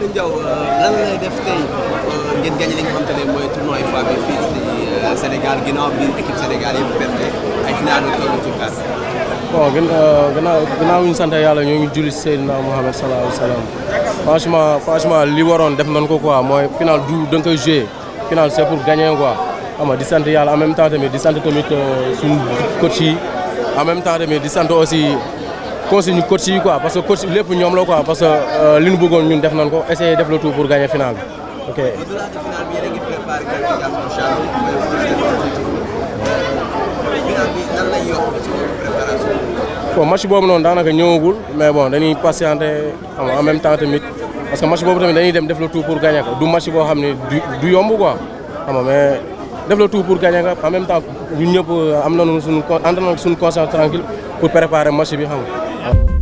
Khadim Diaw euh, lan lay euh, nga xamante ne mooy tournoi FA bi fii ci euh, Sénégal ginnaaw bi équipe Sénégal yëpp perte ay finale yu toll ci bon gën gannaaw gannaaw ñu sant yàlla ñoo ngi julli Seydina Mohamed salaahu alayhi li waroon def nañ ko quoi mooy final du da nga koy c'est pour gagner quoi xam di sant yàlla en même temps tamit di sant tamit suñu coach yi en même temps di sant aussi. conseil ñu yi quoi parce que coach lépp ñoom la quoi parce que euh, li ñu bëggoon ñun def ko essayer def le tout pour gagner finale boobu noonu daanaka ñëwagul mais bon dañuy patienter xam nga en même temps tamit parce que match boobu tamit dañuy dem def le tout pour gagner ko du match boo xam ne du yomb quoi xam nga mais def le tout pour gagner ko en même temps ñun ñëpp euh, am nañu suñu entre nañu suñu conscience tranquille pour préparer match bi xam nga. Uh,